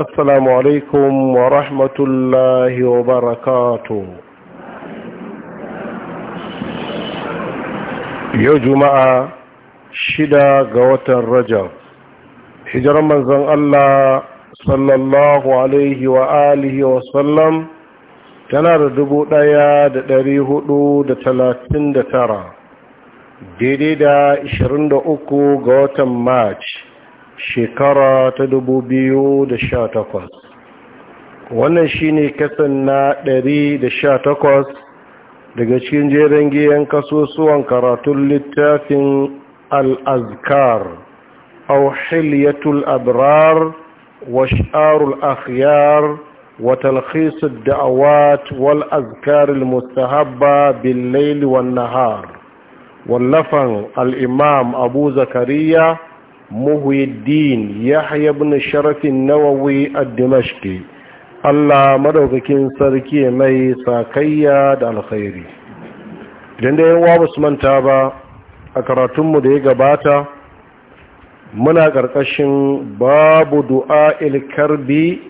السلام عليكم ورحمة الله وبركاته يا جماعة شدا قوة الرجب هجر من زن الله صلى الله عليه وآله وسلم tana da dubu ɗaya da ɗari hudu da talatin da tara daidai da ishirin da uku ga watan march shekara ta dubu biyu da sha takwas, wannan shine kasan na ɗari da sha takwas daga cikin jerin giyan kasusuwan karatun littafin al'azkar au hilyatul abrar wa sha'arul akhyar wa talkhisud da'awat wal azkaril mustahabba bil laili wan nahar wallafan al-imam abu zakariya مهي yahya يحيى بن شرف النووي الدمشقي الله مدوكين سركي مي ساكيا da alkhairi. idan da yawa ba su manta ba a karatunmu da ya gabata muna ƙarƙashin babu du'a ilkarbi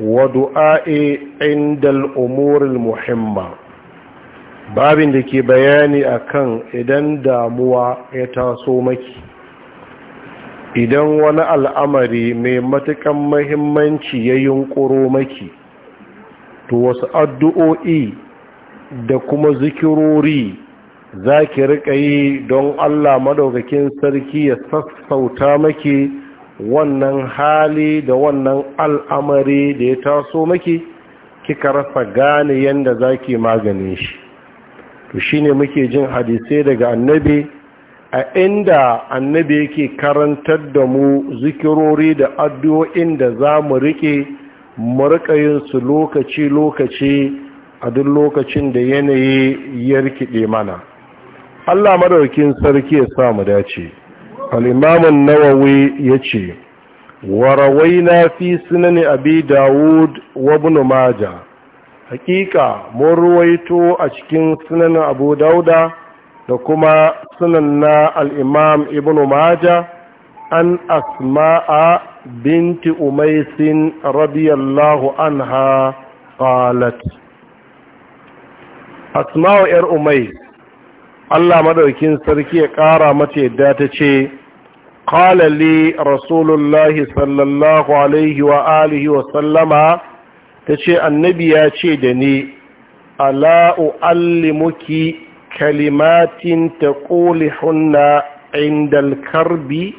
wa du'a'i indal umuril muhimma babin da ke bayani akan idan damuwa ya taso maki idan wani al'amari mai matuƙan mahimmanci ya yunƙuro maki to wasu addu'o'i da kuma zikirori za ki riƙa yi don Allah maɗaukakin sarki ya sassauta maki wannan hali da wannan al'amari da ya taso maki kika rasa gane yadda za ki maganin shi to shi muke jin hadisai daga annabi a inda annabi yake karantar da mu zikirori da addu'o'in da za mu riƙe su lokaci-lokaci a duk lokacin da yanayi ya rikide mana allah madaukin sarki ya sa mu dace al'imamun nawawi ya ce na fi sunani abi dawud wa bunu maja hakika mun ruwaito a cikin sunanin abu dauda da kuma sunan na al'imam ibn maja an asma'a binti umaisin radiyallahu anha qalat asma'u ‘yar umais Allah madaukin sarki ya ƙara mace yadda ta ce ƙalali rasulullahi sallallahu alaihi wa alihi wa sallama ta ce annabi ya ce da ni ala'u allimuki kalimatin ta ƙoli indal karbi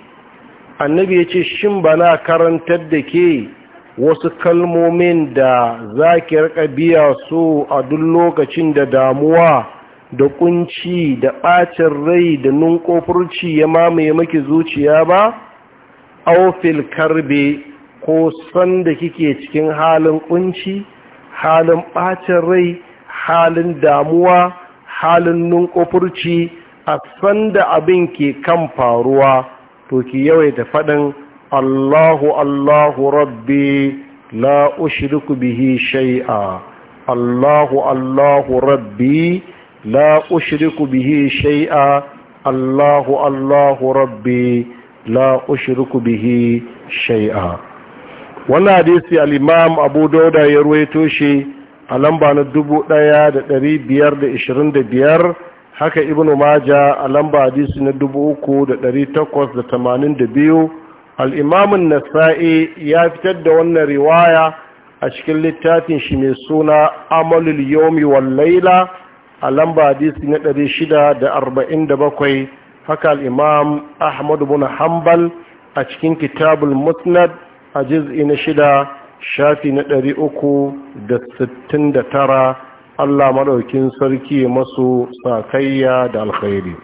annabi ya ce shin bana karantar da ke wasu kalmomin da zaki rika biya su a duk lokacin da damuwa da kunci da ɓacin rai da nunkofurci ya mamaye maki zuciya ba aufil karbe ko da kike cikin halin kunci halin ɓacin rai halin damuwa halin nunkofurci a sanda abin ke kan faruwa to ki yawaita faɗin Allahu Allahu rabbi la ushriku bihi shay'a Allahu Allahu rabbi la ushriku bihi shay'a Allahu Allahu rabbi la ushriku bihi shay'a wannan hadisi al-Imam Abu dauda ya ruwaito shi a lamba na dubu ɗaya da ɗari biyar da ishirin da biyar haka ibn maja a lamba hadisi na dubu uku da ɗari takwas da tamanin da biyu al'imamin nasa'i ya fitar da wannan riwaya a cikin littafin shi mai suna amalul yomi wallaila a lamba hadisi na ɗari shida da arba'in da bakwai haka al'imam ahmadu bin hanbal a cikin kitabul musnad a jiz'i na shida shafi na ɗari uku da sittin da tara allah maɗaukin sarki masu sakayya da alkhairi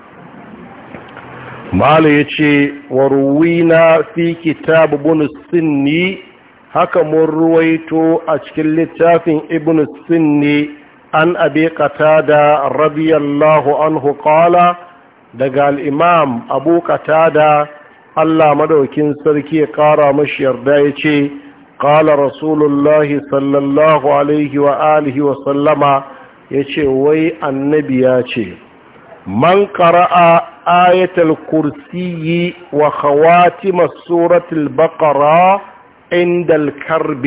mala ya ce waruwina fi kitabu ibn sinni haka mun ruwaito a cikin littafin ibn sinni an kata da radiyallahu anhu qala daga al'imam abu da allah maɗaukin sarki ya ƙara mashi yarda ya ce قال رسول الله صلى الله عليه وآله وسلم يشي وي النبي يشي من قرأ آية الكرسي وخواتم سورة البقرة عند الكرب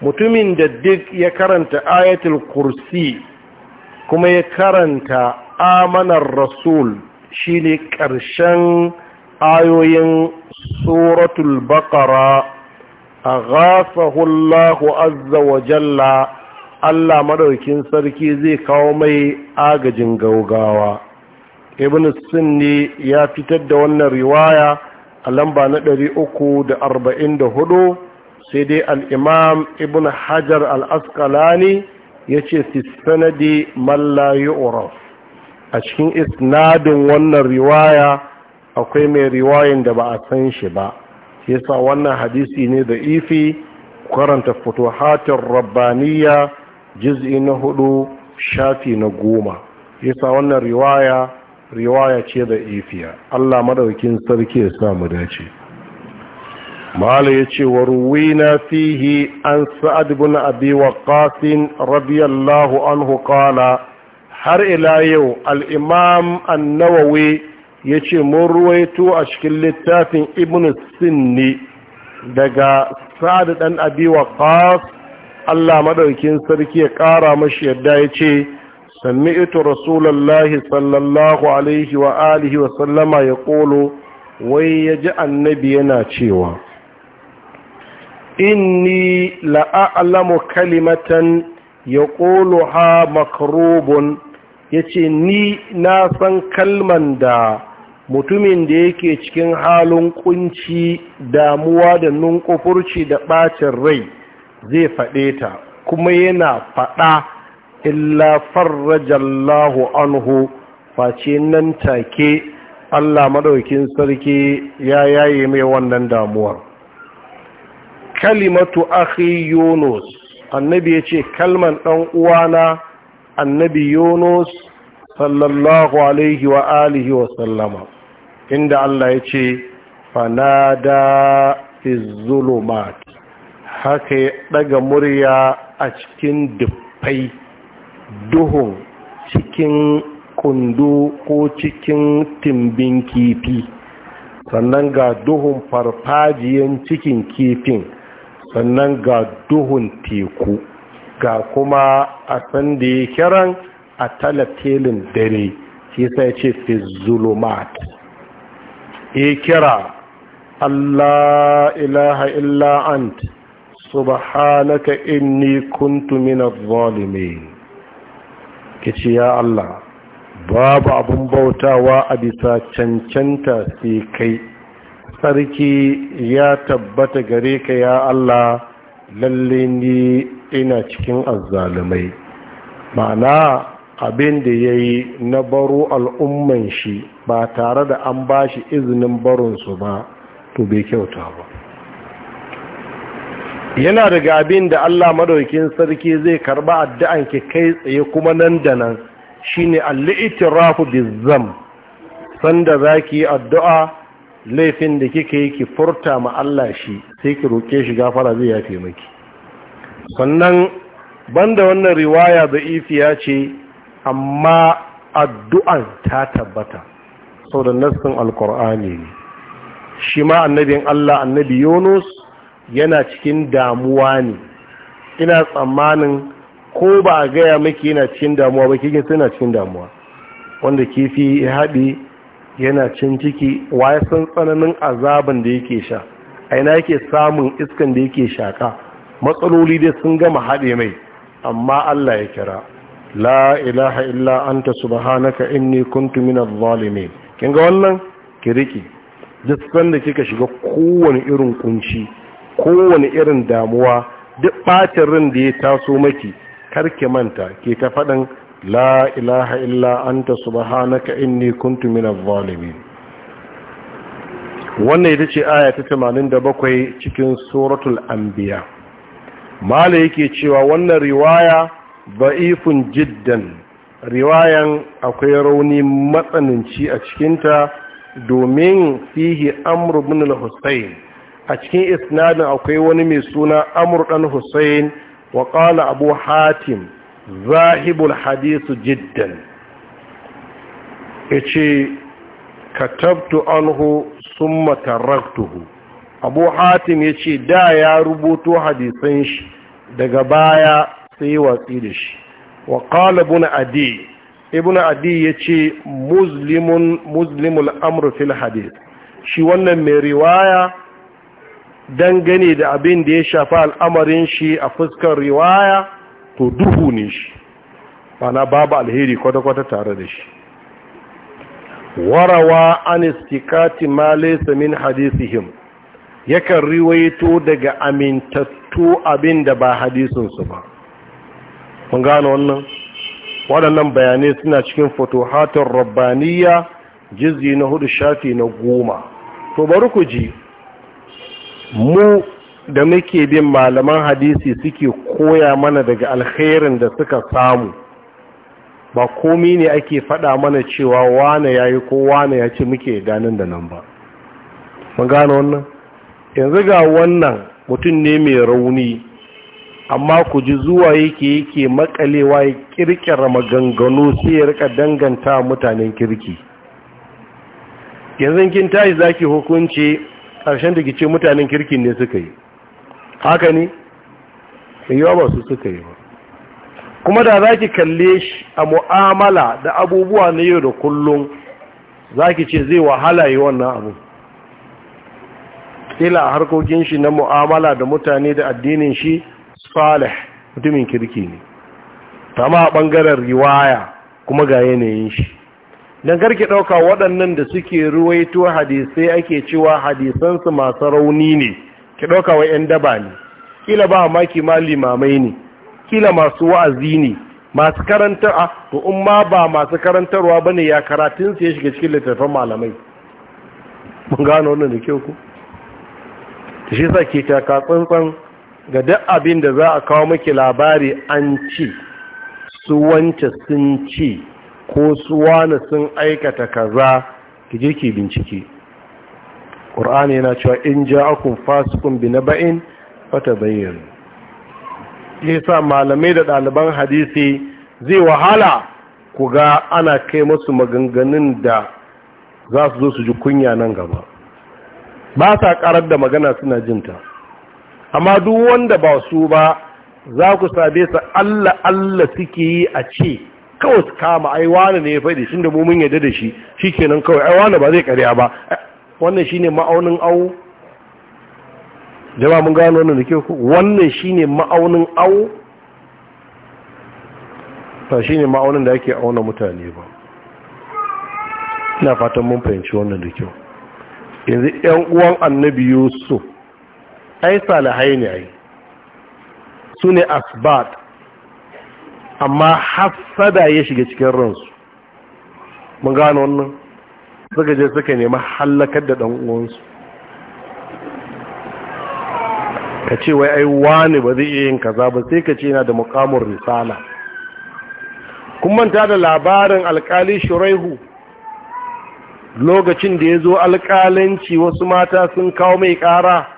mutumin da duk ya karanta ayatul kursi kuma ya karanta amanar rasul shine ƙarshen ayoyin suratul aghasahu Allahu azza wa jalla Allah madaukin sarki zai kawo mai agajin gaugawa ibn sunni ya fitar da wannan riwaya a lamba na 344 sai dai al-imam ibn hajar al-asqalani yace fi sanadi man la a cikin isnadin wannan riwaya akwai mai riwayan da ba a san shi ba yasa wannan hadisi ne da ifi karanta futuhatin rabbaniya juz'i na hudu shafi na goma yasa wannan riwaya riwaya ce da ifiya Allah madaukin sarki ya samu dace mala yace wa ruwina fihi an sa'ad ibn abi waqqas radiyallahu anhu qala har ila yau al an-nawawi ya ce mun ruwaito a cikin littafin ibn sinni daga sa'ad ɗan abi waqas Allah madaukin sarki ya ƙara mashi yadda ya ce sami'tu rasulullahi sallallahu alaihi wa alihi wa sallama ya ƙolo wai ya ji annabi yana cewa inni la'a'lamu kalimatan ya ƙolo yace ni na san kalman da mutumin da yake cikin halin kunci damuwa da nunkufurci da ɓacin rai zai faɗe ta kuma yana faɗa illa farrajallahu anhu face nan take Allah madaukin sarki ya yaye mai wannan damuwar kalimatu akhi yunus annabi yace ce kalman ɗan uwana annabi yunus sallallahu alaihi wa alihi wa sallama inda Allah ya ce fanada izulumat haka ya daga murya a cikin dufai duhun cikin kundu ko cikin timbin kifi sannan ga duhun farfajiyan cikin kifin sannan ga duhun teku ga kuma a sanda ya kiran a talatelin dare shi sai ce fi yi kira Allah ilaha illa ant subhanaka inni kuntu min minaz zalimin kici ya Allah babu abun bautawa a bisa cancanta sai kai sarki ya tabbata gare ka ya Allah lalle ni ina cikin azzalumai ma'ana abin da yayi na baro al'umman shi ba tare da an ba shi izinin barinsu ba to bai kyauta ba yana daga abin da Allah madaukin sarki zai karba addu'an ki kai tsaye kuma nan da nan shi shine al rafu bizam sanda za ki yi addu'a laifin da kika yi ki furta ma Allah shi sai ki roke shi gafara zai yafe maki sannan banda wannan riwaya da ifiya ce amma addu'an ta tabbata sau da nassin alkur'ani ne shi ma annabin allah annabi yunus yana cikin damuwa ne ina tsammanin ko ba a gaya maki yana cikin damuwa ba kikin suna cikin damuwa wanda kifi ya haɗi yana cin ciki waye san tsananin azaban da yake sha A ina yake samun iskan da yake shaka matsaloli dai sun gama haɗe mai amma allah ya kira la ilaha illa anta subhanaka inni kuntu minadh zalimin kin ga wannan ki rike duk sanda kika shiga kowane irin kunci kowane irin damuwa duk bacin ran da ya taso maki karki manta ke ta faɗan, la ilaha illa anta subhanaka inni kuntu minaz zalimin wannan ita ce aya ta 87 cikin suratul anbiya mala yake cewa wannan riwaya ba'ifun jiddan riwayan akwai rauni matsananci a cikinta domin fihi amru bin al-husayn a cikin isnadin akwai wani mai suna amru dan husayn wa qala abu hatim zahibul hadith jiddan yace katabtu anhu summa taraktuhu abu hatim yace da ya rubuto hadisan shi daga baya sai watsi da shi وقال ابن ibn adi عدي adi yace muslimun الامر في fil شي shi wannan mai riwaya dangane da abin da ya shafi al'amarin shi a fuskar riwaya to duhu ne shi bana babu alheri kwata-kwata tare da shi warawa an istikati ma laysa min hadisihim yakan riwayato daga amintattu abin da ba hadisinsu ba mun gano wannan waɗannan bayanai suna cikin fotohatar rabbaniya jizgi na hudu shafi na goma to bari ku ji mu da muke bin malaman hadisi suke koya mana daga alkhairin da suka samu ba komi ne ake faɗa mana cewa wane ya yi ko wane ya ce muke ganin da nan ba mun gano wannan yanzu ga wannan mutum ne mai rauni amma ku ji zuwa yake yake makalewa ya kirkira maganganu sai ya rika danganta mutanen kirki yanzu kin tashi zaki hukunci ƙarshen da kice mutanen kirki ne suka yi haka ne yawa ba su suka yi ba kuma da zaki kalle shi a mu'amala da abubuwa na yau da kullum zaki ce zai wahala yi wannan abu kila a harkokin shi na mu'amala da mutane da addinin shi salih mutumin kirki ne tama a ɓangaren riwaya kuma ga yanayin shi don karki ɗauka waɗannan da suke ruwaito hadisai ake cewa hadisansu masu rauni ne ki ɗauka wa 'yan daba ne kila ba maki ma limamai ne kila masu wa'azi ne masu karanta a to in ma ba masu karantarwa ba ne ya karatun su ya shiga cikin littattafan malamai mun gano wannan da kyau ku da shi sa ke ka tsantsan ga duk abin da za a kawo maki labari an ci su wance sun ci ko su wani sun aikata kaza ki je ki bincike ƙur'ani yana cewa in ja'akum fasiqun binaba'in fatabayyanu yasa malamai da ɗaliban hadisi zai wahala ku ga ana kai musu maganganun da za su zo su ji kunya nan gaba ba sa karar da magana suna jinta amma duk wanda ba su ba za ku sabe su Allah Allah suke yi a ce kawai su kama ai wani ne ya faɗi shi da mumin yadda da shi shi kenan kawai ai wani ba zai karya ba wannan shi ne ma'aunin awu. jama mun gano wannan da ke ku wannan shi ne ma'aunin awu. ta shi ne ma'aunin da ake auna mutane ba ina fatan mun fahimci wannan da kyau yanzu 'yan uwan annabi yusuf ai salihai ne ai su ne asbat amma hassada ya shiga cikin ransu mun gano wannan suka je suka nemi hallakar da ɗan uwansu ka ce wai ai wani ba zai iya yin kaza ba sai ka ce yana da mukamin risala kun manta da labarin alkali shuraihu lokacin da ya zo alkalanci wasu mata sun kawo mai kara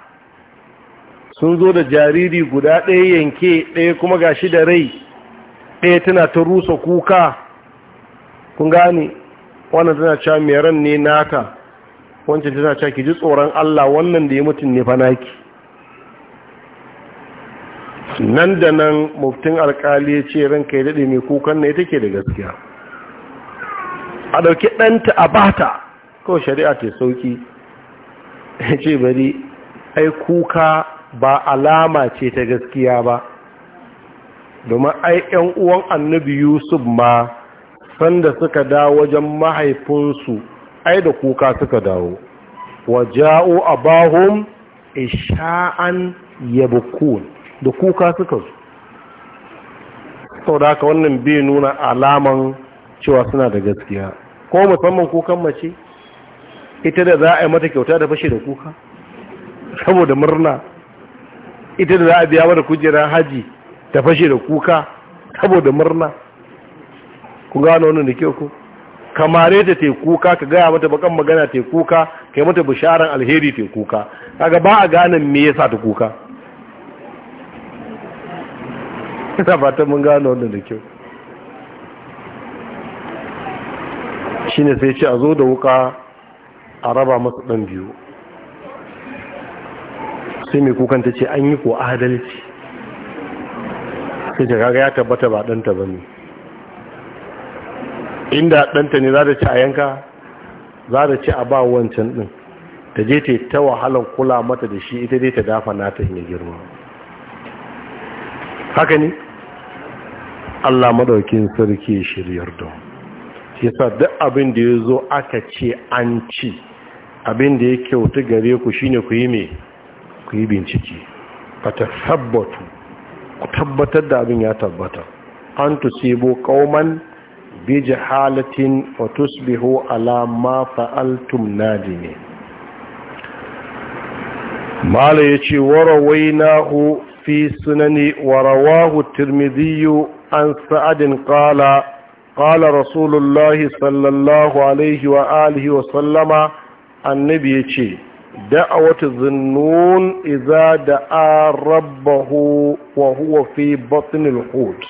sun zo da jariri guda ɗaya yanke ɗaya kuma ga shi da rai ɗaya tana ta rusa kuka kun gane wannan tana cewa mai ran ne naka wancan tana cewa ki ji tsoron Allah wannan da ya mutum ne fanaki nan da nan muftin alkali ya ce ranka ya daɗe mai kukan ne take da gaskiya a ɗauki ɗanta a bata kawai shari'a ta sauki ya ce bari ai kuka ba alama ce ta gaskiya ba domin ai ƴan uwan annabi yusuf ma sanda suka dawo wajen mahaifinsu ai da kuka suka dawo waja'u abahum isha'an yabkun da kuka suka zo saboda haka wannan bai nuna alaman cewa suna da gaskiya ko musamman kukan mace ita da za a yi mata kyauta da fashe da kuka saboda murna ita da za a biya mana kujerar haji ta fashe da kuka saboda murna ku gano wannan da kyau ku kamare ta te kuka ka gaya mata bakan magana te kuka kai mata bisharar alheri te kuka kaga ba a gane me yasa ta kuka ta fatan mun gano wannan da kyau shine sai ce a zo da wuka a raba masa dan biyu sai mai kukan ta ce an yi ko adalci sai kaga ya tabbata ba ɗanta ba ne inda ɗanta ne za ta ci a yanka za ta ci a ba wancan ɗin ta je ta ta wahalar kula mata da shi ita dai ta dafa na ta ya girma haka ne allah maɗaukin sarki shiryar don shi sa duk abin da ya zo aka ce an ci abin da ya kyautu gare ku shine ku yi mai ku yi bincike ka tabbatu ku tabbatar da abin ya tabbata an tusibo kauman bi jahalatin wa tusbihu ala ma fa'altum nadime mala yace warawainahu fi sunani warawahu tirmidhi an sa'adin qala qala rasulullahi sallallahu alaihi wa wa sallama annabi yace دعوة الظنون إذا دعا ربه وهو في بطن الحوت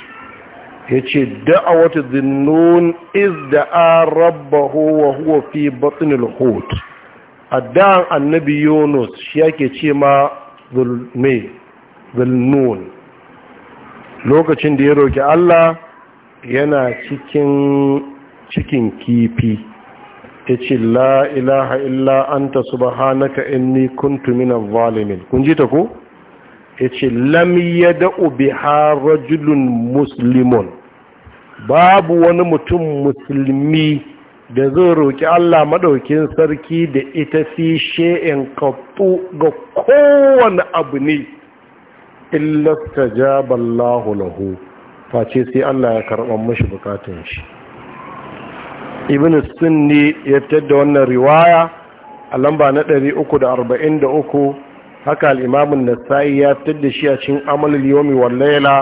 yace da'awatu dhinnun iz da'a rabbahu wa huwa fi batn al-hut addan annabi yunus shi yake ce ma zulme zulnun lokacin da ya roki Allah yana cikin cikin kifi ta ce la ilaha illa ta subhanaka in kuntu minaz ni kun ji ta ko ya ce lam yada'u biha rajulun musulmon babu wani mutum musulmi da zai roƙi Allah maɗaukin sarki da ita fi she'in kaɓu ga kowane abu ne illasta ballahu lahu face sai Allah ya karɓar mashi bukatun shi ibn sunni ya fitar da wannan riwaya a lamba na 343 haka al'imamun nasa'i ya fitar da shi a cin amalul yomi wallaila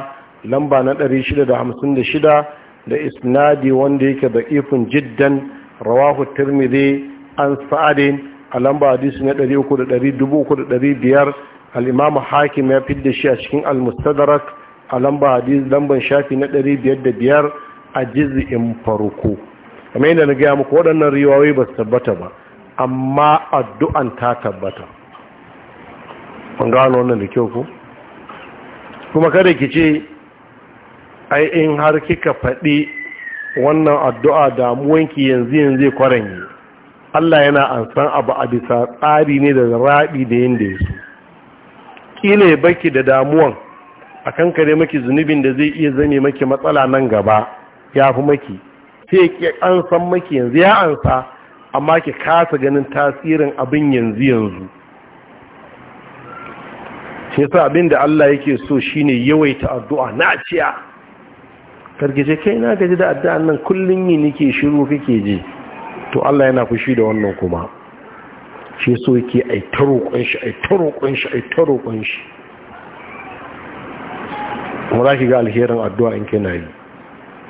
lamba na 656 da isnadi wanda yake da ifin jiddan rawahu tirmidhi an sa'adin a lamba hadisi na 300,500 al'imamu hakim ya fitar da shi a cikin al-mustadrak a lamba hadisi lamban shafi na 505 a jiz'in farko kamar yadda na gaya muku waɗannan riwayoyi ba su tabbata ba amma addu'an ta tabbata An gano wannan da kyau ku kuma kada ki ce ai in har kika faɗi wannan addu'a damuwanki yanzu yanzu ya yi, Allah yana ansan abu a bisa tsari ne da raɗi da yin da ya su ƙila ya baki da damuwan a kankare maki zunubin da zai iya zane maki matsala nan gaba ya fi maki sai ki an san maki yanzu ya ansa amma ki kasa ganin tasirin abin yanzu yanzu shi yasa abin da Allah yake so shine yawaita addu'a na ciya karkice kai na gaji da addu'an nan kullun yi nake shiru kake ji to Allah yana fushi da wannan kuma shi so yake ai taro roƙon shi ai taro roƙon shi ai taro roƙon shi kuma za ki ga alherin addu'a in kina yi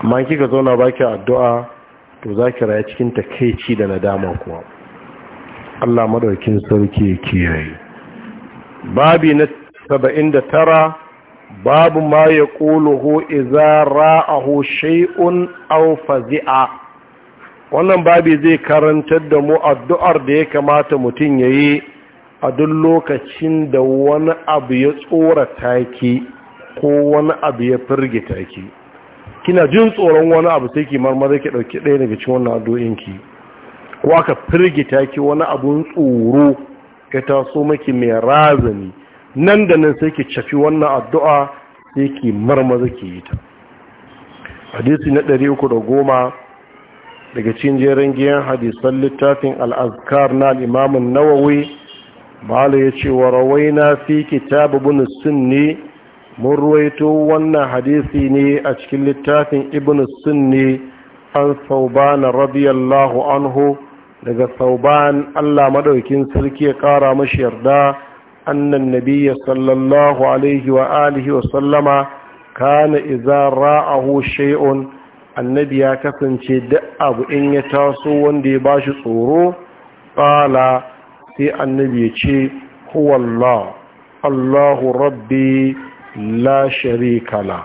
ma kika zauna baki addu'a to za ki raya cikin takeici da nadama kuwa Allah madaukin sarki ya kiyaye babi na 79 babu ma ya quluhu iza ra'ahu shay'un aw fazi'a wannan babi zai karantar da mu addu'ar da ya kamata mutum yayi a duk lokacin da wani abu ya tsorata ki ko wani abu ya firgita ki kina jin tsoron wani abu sai ki marmara ki dauki ɗaya daga cikin wannan addu'in ki ko aka firgita ki wani abun tsoro ya taso maki mai razani nan da nan sai ki cafi wannan addu'a sai ki marmara ki yi ta hadisi na 310 daga cikin jerin giyan hadisan littafin al-azkar na al-imam an-nawawi ya yace wa rawaina fi kitab ibn sunni mun ruwaito wannan hadisi ne a cikin littafin ibn sunni an saubana radiyallahu anhu daga sauban allah madaukin sarki ya kara mashi yarda annan nabiya sallallahu alaihi wa alihi wa sallama kana iza ra'ahu shay'un annabi ya kasance duk abu in ya taso wanda ya bashi tsoro qala sai annabi ya ce huwallah allahu rabbi la sharika la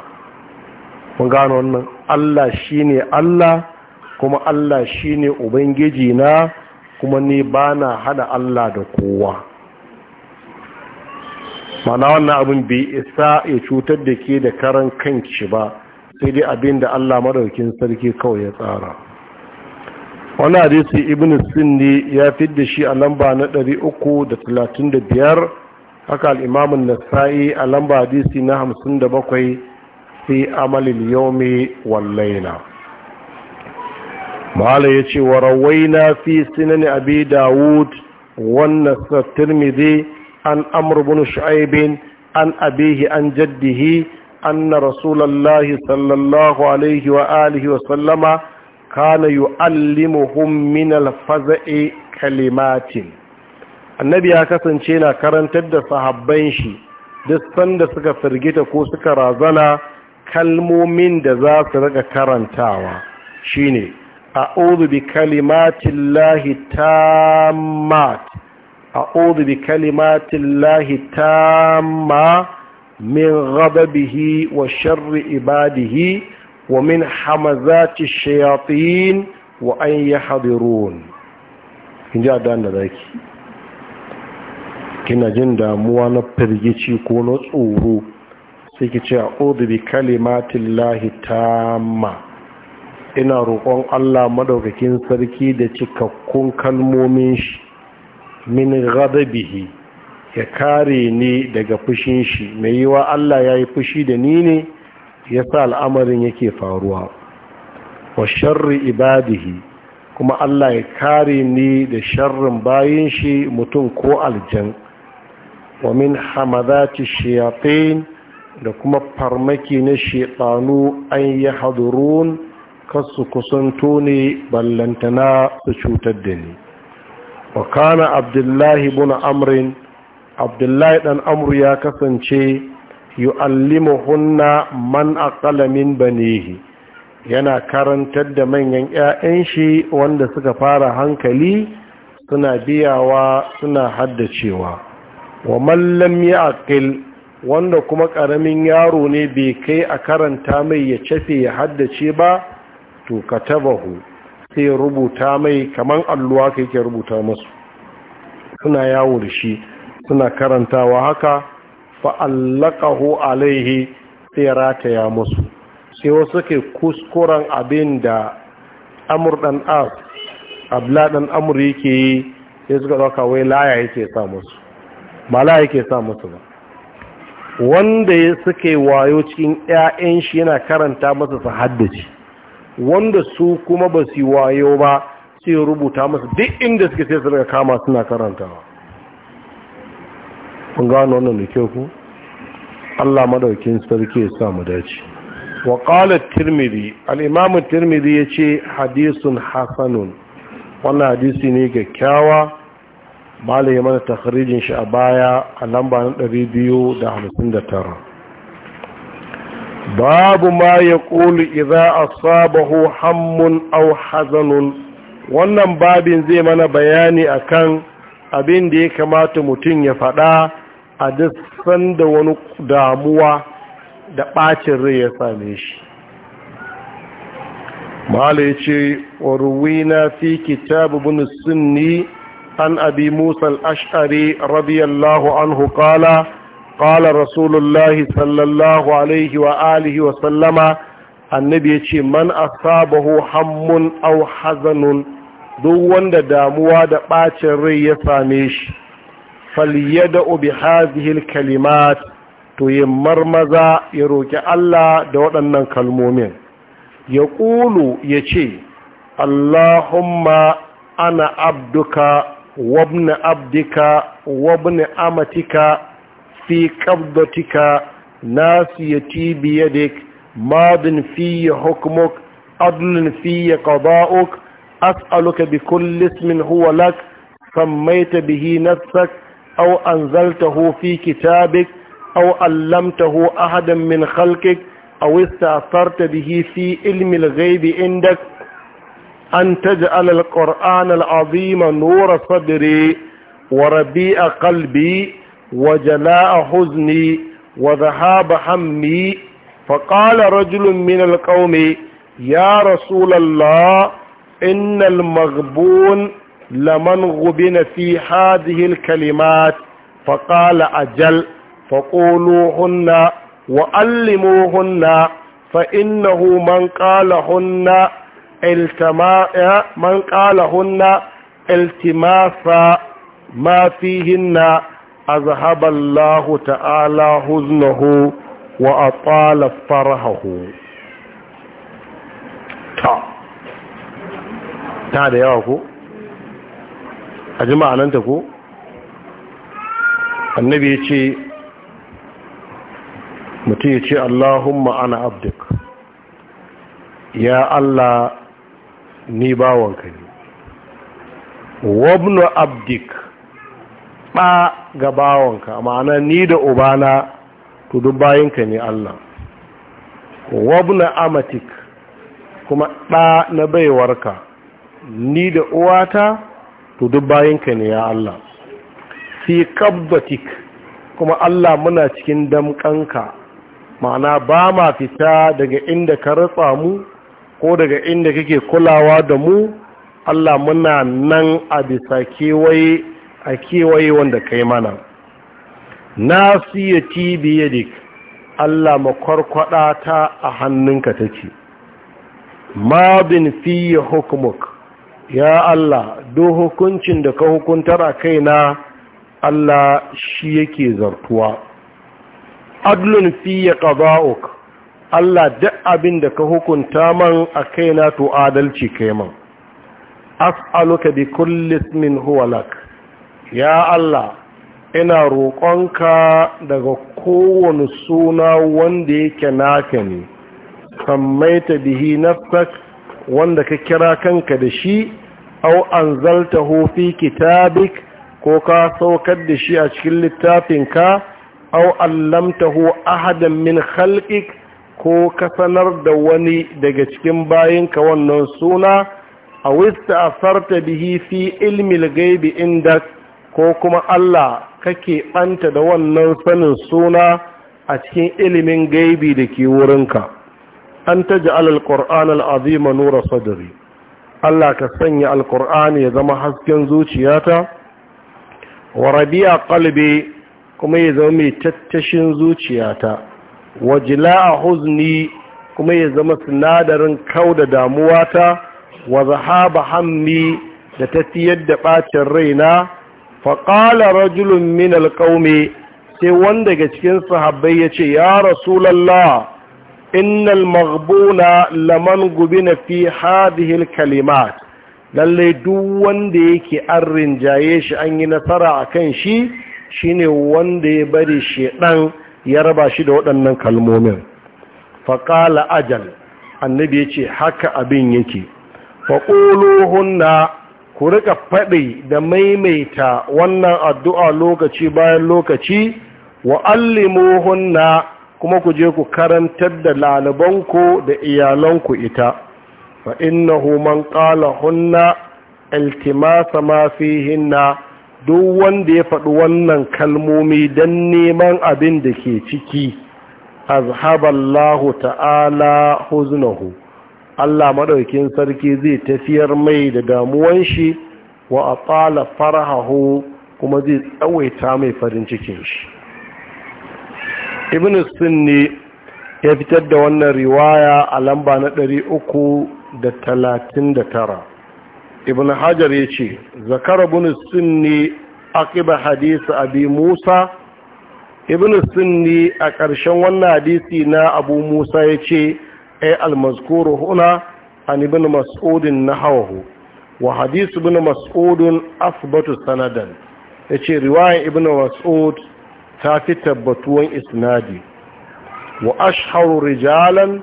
mun gano wannan Allah shine Allah kuma Allah shine ubangiji na kuma ni bana hada Allah da kowa mana wannan abin bai isa ya cutar da ke da karan kanki ba sai dai abin da Allah madaukin sarki kawai ya tsara wani hadisi ibn sinni ya fidda shi a lamba na 335 haka al'imamun nasa'i a lamba hadisi na hamsin da bakwai fi amalin yomi wallaina mahala ya ce wa rawaina fi sinani abi dawud wannan sattirmidi an amurbin shaibin an abihi an jaddihi أن رسول الله صلى الله عليه وآله وسلم كان يعلمهم من الفزع kalimatin. annabi ya kasance na karantar da sahabban shi duk sanda suka firgita ko suka razana kalmomin da za su rika karantawa shine a'udhu bi kalimatillahi tammat a'udhu bi kalimatillahi tamma min ghadabihi wa sharri ibadihi wa min hamazati shayatin wa an yahdurun kin ji adan da zaki kina jin damuwa na firgici ko na tsoro sai ki ce a'udhu bi kalimatin lahi tamma ina roƙon Allah madaukakin sarki da cikakkun kalmomin shi min ghadabihi ya kare ni daga fushin shi mai yiwa Allah ya yi fushi da ni ne ya sa al'amarin yake faruwa wa sharri ibadihi kuma Allah ya kare ni da sharrin bayan shi mutum ko aljan wa min hamazati shayatin da kuma farmaki na shaitanu an yi hadurun kasu kusanto ne ballantana su cutar da ni wa kana abdullahi bin amrin abdullahi dan amru ya kasance yu'allimuhunna man aqala min banihi yana karantar da manyan 'ya'yan shi wanda suka fara hankali suna biyawa suna haddacewa wa mallam ya aqil wanda kuma ƙaramin yaro ne bai kai a karanta mai ya cafe ya haddace ba to katabahu sai rubuta mai kaman alluwa kai ke rubuta masu suna yawo da shi suna karantawa haka fa'allakahu alaihi sai rataya musu, sai wasu ke kuskuren abin da amur ɗan as abla ɗan amur yake yi ya suka ɗauka wai laya yake sa su. mala yake sa masa ba wanda ya suke wayo cikin 'ya'yan shi yana karanta masa su haddace wanda su kuma ba su wayo ba sai rubuta masa duk inda suke sai su daga kama suna karantawa kun gano wannan da kyau ku Allah madaukin sarki ya sa mu dace wa qala tirmidhi al-imam at-tirmidhi yace hadithun hasanun wannan hadisi ne kyakkyawa malaye mana takarijin shi a baya a lamba na 259 babu ma ya ƙulu iza asabahu hammun au hazanun wannan babin zai mana bayani akan abin da ya kamata mutum ya faɗa a duk sanda wani damuwa da ɓacin rai ya same shi malaye ce warwina fi kitabu sunni عن أبي موسى الأشعري رضي الله عنه قال قال رسول الله صلى الله عليه وآله وسلم النبي من أصابه هم أو حزن دون دامو دقات الرية ساميش فليدأ بهذه الكلمات تيمرمزا يروك الله دون أنك المؤمن يقول يشي اللهم أنا عبدك وابن عبدك وابن أمتك في قبضتك ناسيتي بيدك ماض في حكمك عدل في قضاؤك أسألك بكل اسم هو لك سميت به نفسك أو أنزلته في كتابك أو علمته أحدا من خلقك أو استأثرت به في علم الغيب عندك أن تجعل القرآن العظيم نور صدري وربيع قلبي وجلاء حزني وذهاب همي فقال رجل من القوم يا رسول الله إن المغبون لمن غبن في هذه الكلمات فقال أجل فقولوهن وألموهن فإنه من قالهن man ƙala hunna iltimasa ma fihinna azhaballahu ta'ala huznahu wa a atala farahahu ta ta da yawa ku? a jima'a nan ta ko annabi ya ce mutum ya ce allahumma ma'ana abdik ya allah ni bawanka ne wabnu abdik ba ga bawanka ma'ana ni da ubana to duk bayinka ne Allah wabna amatik kuma ɗa na baiwarka ni da uwata to duk bayinka ne ya Allah fi kabbatik kuma Allah muna cikin damƙanka ma'ana ba ma fita daga inda ka ratsa mu ko daga inda kake kulawa da mu Allah muna nan a bisa kewaye a kewaye wanda yi mana Na siya nasiyati dik Allah makwarkwada ta a hannunka take mabin fiye hukumuk ya Allah do hukuncin da ka hukuntar a kaina Allah shi yake zartuwa adlun fiye qada'uk Allah duk abin da ka hukunta man a kaina to adalci kai man as'aluka bi kulli ismin huwa lak ya Allah ina roƙonka daga kowane suna wanda yake naka ne sammaita bihi nafsak wanda ka kira kanka da shi au anzaltahu fi kitabik ko ka saukar da shi a cikin littafinka au allamtahu ahadan min khalqik ko ka sanar da wani daga cikin ka wannan suna a wista asarta bihi fi ilmil gaibi inda ko kuma Allah kake ɓanta da wannan sanin suna a cikin ilimin gaibi da ke wurinka an ta ji alal-ƙur'an al'azima nura sadari Allah ka sanya alƙur'ani ya zama hasken zuciyata wa rabia ƙalbe kuma ya zama mai tattashin zuciyata wajila a huzni kuma ya zama sinadarin kau da damuwata wa zahaba hammi da tafiyar da ɓacin raina faƙala rajulun min alƙaume sai wanda daga cikin sahabbai ya ce ya rasulallah innal maghbuna laman gubina fi hadihil kalimat lallai duk wanda yake an rinjaye shi an yi nasara a kan shi shine wanda ya bari shedan ya raba shi da waɗannan kalmomin faƙala ajal annabi ya ce haka abin yake faƙuluhunna ku rika faɗi da maimaita wannan addu'a lokaci bayan lokaci wa allimuhunna kuma ku je ku karantar da lalibanku da iyalanku ita fa innahu man ƙala hunna iltimasa ma hinna. duk wanda ya faɗi wannan kalmomi don neman abin da ke ciki azhaballahu ta'ala huznahu Allah maɗaukin sarki zai tafiyar mai da damuwan shi wa atala farahahu kuma zai tsawaita mai farin cikin shi ibn sunni ya fitar da wannan riwaya a lamba na 339 ibn hajar ya ce zakara bin sunni aqiba hadisi abi musa ibn ne a ƙarshen wannan hadisi na abu musa ya ce ay al huna an ibn mas'udin nahawahu wa hadisi ibn mas'udin asbatu sanadan ya ce riwayan ibn mas'ud ta fi tabbatuwan isnadi wa ashharu rijalan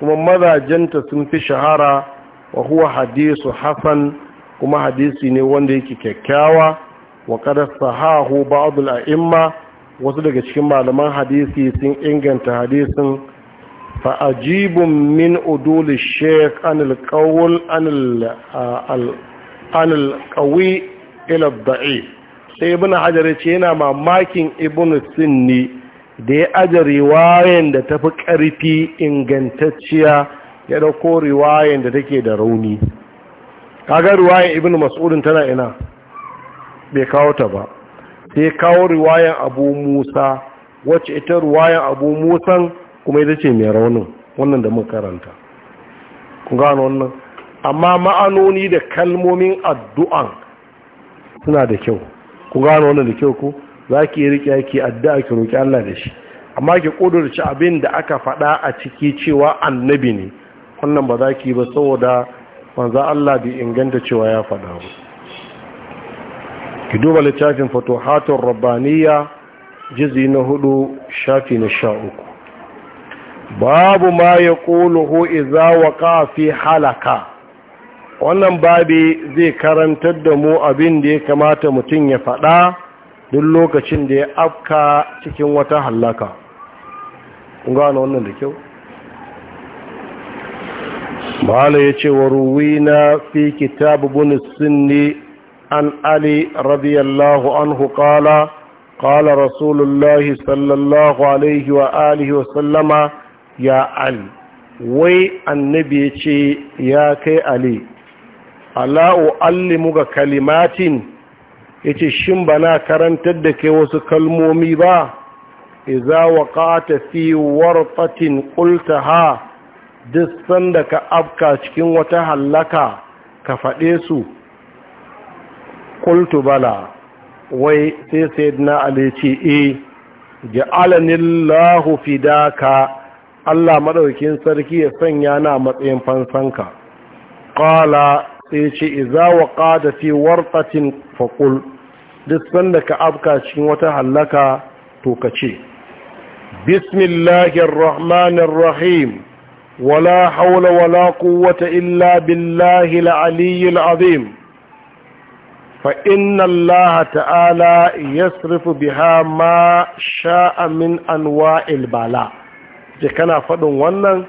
kuma mazajenta sun fi shahara wa huwa hadisu hasan kuma hadisi ne wanda yake kyakkyawa wa kada sahahu ba'dul a'imma wasu daga cikin malaman hadisi sun inganta hadisin fa ajibu min udul shaykh al qawl an al uh, qawi ila da'if sai ibn hajar ce yana mamakin ibn sinni da ya aje riwayen da tafi karfi ingantacciya ya dauko riwayan da take da rauni kaga riwayan ibnu mas'udin tana ina bai kawo ta ba sai kawo riwayan abu musa wacce ita riwayan abu musan kuma ita ce mai raunin wannan da mun karanta kun gano wannan amma ma'anoni da kalmomin addu'an suna da kyau ku gano wannan da kyau ko? za ki yi riƙe ki addu'a ki roƙi Allah da shi amma ki ƙudurci abin da aka faɗa a ciki cewa annabi ne wannan ba za ki ba saboda wanzu Allah bi inganta cewa ya faɗa ba ki duba littafin haton rabbaniya jizi na hudu shafi na sha uku babu ma ya ƙuluhu iza wa halaka wannan babi zai karantar da mu abin da ya kamata mutum ya faɗa duk lokacin da ya afka cikin wata hallaka. kun gano wannan da kyau bala ya ce wa ruwina fi kitabu bin sunni an ali radiyallahu anhu qala qala rasulullahi sallallahu alaihi wa alihi wa sallama ya ali wai annabi ya ce ya kai ali ala'u allimu ga kalimatin ya ce shin bana karantar da ke wasu kalmomi ba iza wa ƙata fi warfatin ƙulta duk sanda ka afka cikin wata hallaka ka faɗe su kultu bala wai sai sai na ce e da ka, Allah maɗaukin sarki ya sanya na matsayin fansanka Ƙala sai ce wa ƙada fi warqatin faƙul duk sanda ka afka cikin wata hallaka to kace ce rahmanir rahim ولا حول ولا قوة إلا بالله العلي العظيم فإن الله تعالى يصرف بها ما شاء من أنواع البلاء كان فضل ونن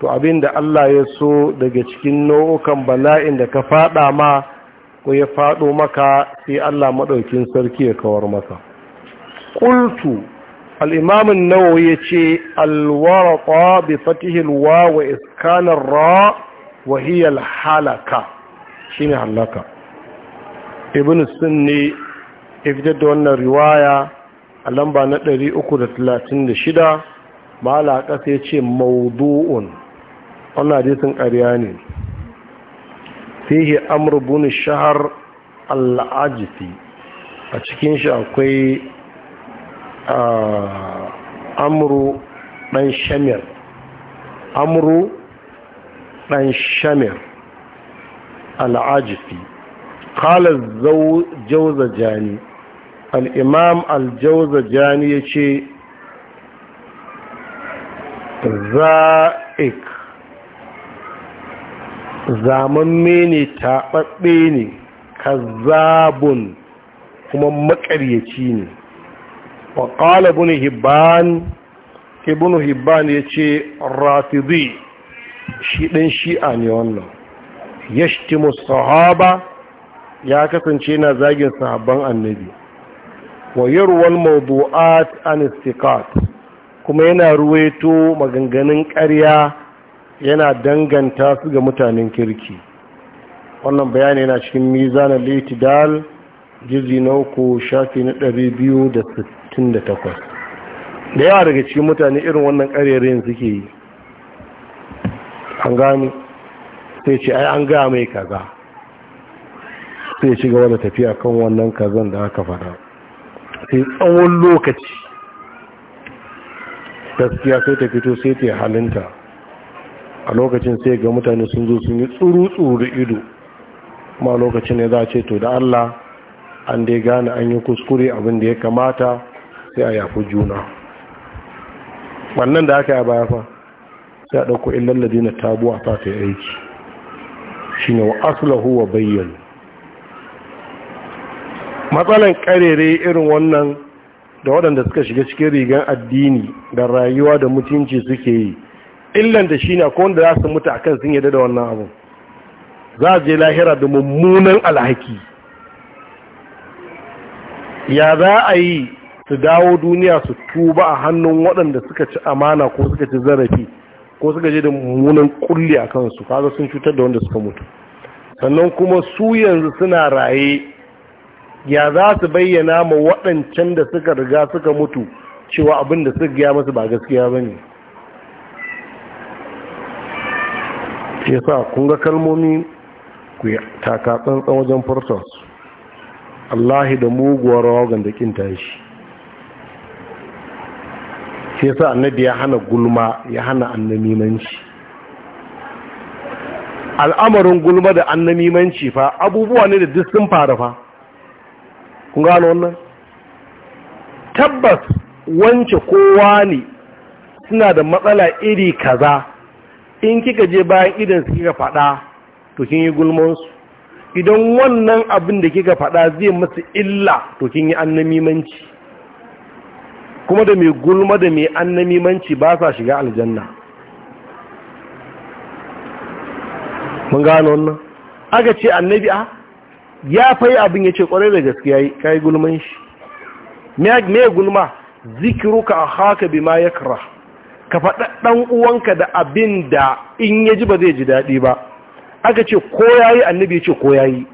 to abin da Allah ya so daga cikin nau'ukan bala'in da ka faɗa ma ko ya faɗo maka sai Allah maɗaukin sarki ya kawar maka qultu al'imamin nawa ya ce alwarata bi fatihilwa wa iskanar ra wa hiyar halaka shi ne halaka ibn sunni ya fitar da wannan riwaya a lamba na da shida, mala ƙasa ya ce maudu'un wannan hadisin ƙarya ne fihi amr bin shahar al'ajisi a cikin shi akwai amru ɗan shamir amru ɗan shamir al'ajifi kala jauza jani al'imam aljauza jani ya ce za'ik me ne taɓaɓɓe ne kazzabun kuma makaryaci ne wa qala ibn hibban ibn hibban yace rafidi shi ɗin shi'a ne wannan yashtimu sahaba ya kasance yana zagin sahabban annabi wa yarwal mawdu'at kuma yana ruwaito maganganun ƙarya yana danganta su ga mutanen kirki wannan bayani yana cikin mizanin litidal jizi na uku shafi na 260 68 da yawa daga cikin mutane irin wannan ƙarerayin suke yi an gani sai ce ai an gaya mai kaza sai ci gaba da tafiya kan wannan kazan da aka fada sai tsawon lokaci gaskiya sai ta fito sai ta halinta a lokacin sai ga mutane sun zo sun yi tsuru-tsuru ido kuma lokacin ne za a ce to da Allah an dai gane an yi kuskure abin da ya kamata sai a yafi juna wannan da aka yi baya fa sai a ɗauko illan ladina tabuwa ta ta yi aiki shi ne wa asulahu wa bayyana matsalan karere irin wannan da waɗanda suka shiga cikin rigan addini da rayuwa da mutunci suke yi illan da shi ne ko wanda za su mutu akan sun yadda da wannan abu za a je lahira da mummunan alhaki ya za a yi su dawo duniya su tuba a hannun waɗanda suka ci amana ko suka ci zarafi ko suka je da mummunan kulli a kansu kaga sun cutar da wanda suka mutu sannan kuma su yanzu suna raye ya za su bayyana ma waɗancan da suka riga suka mutu cewa abin da suka gaya masu ba gaskiya ba ne ke kun ga kalmomi ku taka tsantsan wajen furtansu allahi da muguwar rawa gandakin tashi shi yasa annabi ya hana gulma ya hana annamimanci al'amarin gulma da annamimanci fa abubuwa ne da duk sun faru fa kun gano wannan tabbas wance kowa ne suna da matsala iri kaza in kika je bayan idan su kika faɗa to kin yi gulmansu idan wannan abin da kika faɗa zai masu illa to kin yi annamimanci kuma da mai gulma da mai annamimanci ba sa shiga aljanna mun gano wannan aka ce annabi a ah, ya fai abin ya ce kwarai da gaskiya ka yi gulman shi me gulma zikiruka a haka bi ma ya kara ka faɗa ɗan uwanka da abin da in ya ji ba zai ji daɗi ba aka ce ko ya yi annabi ya ce ko ya yi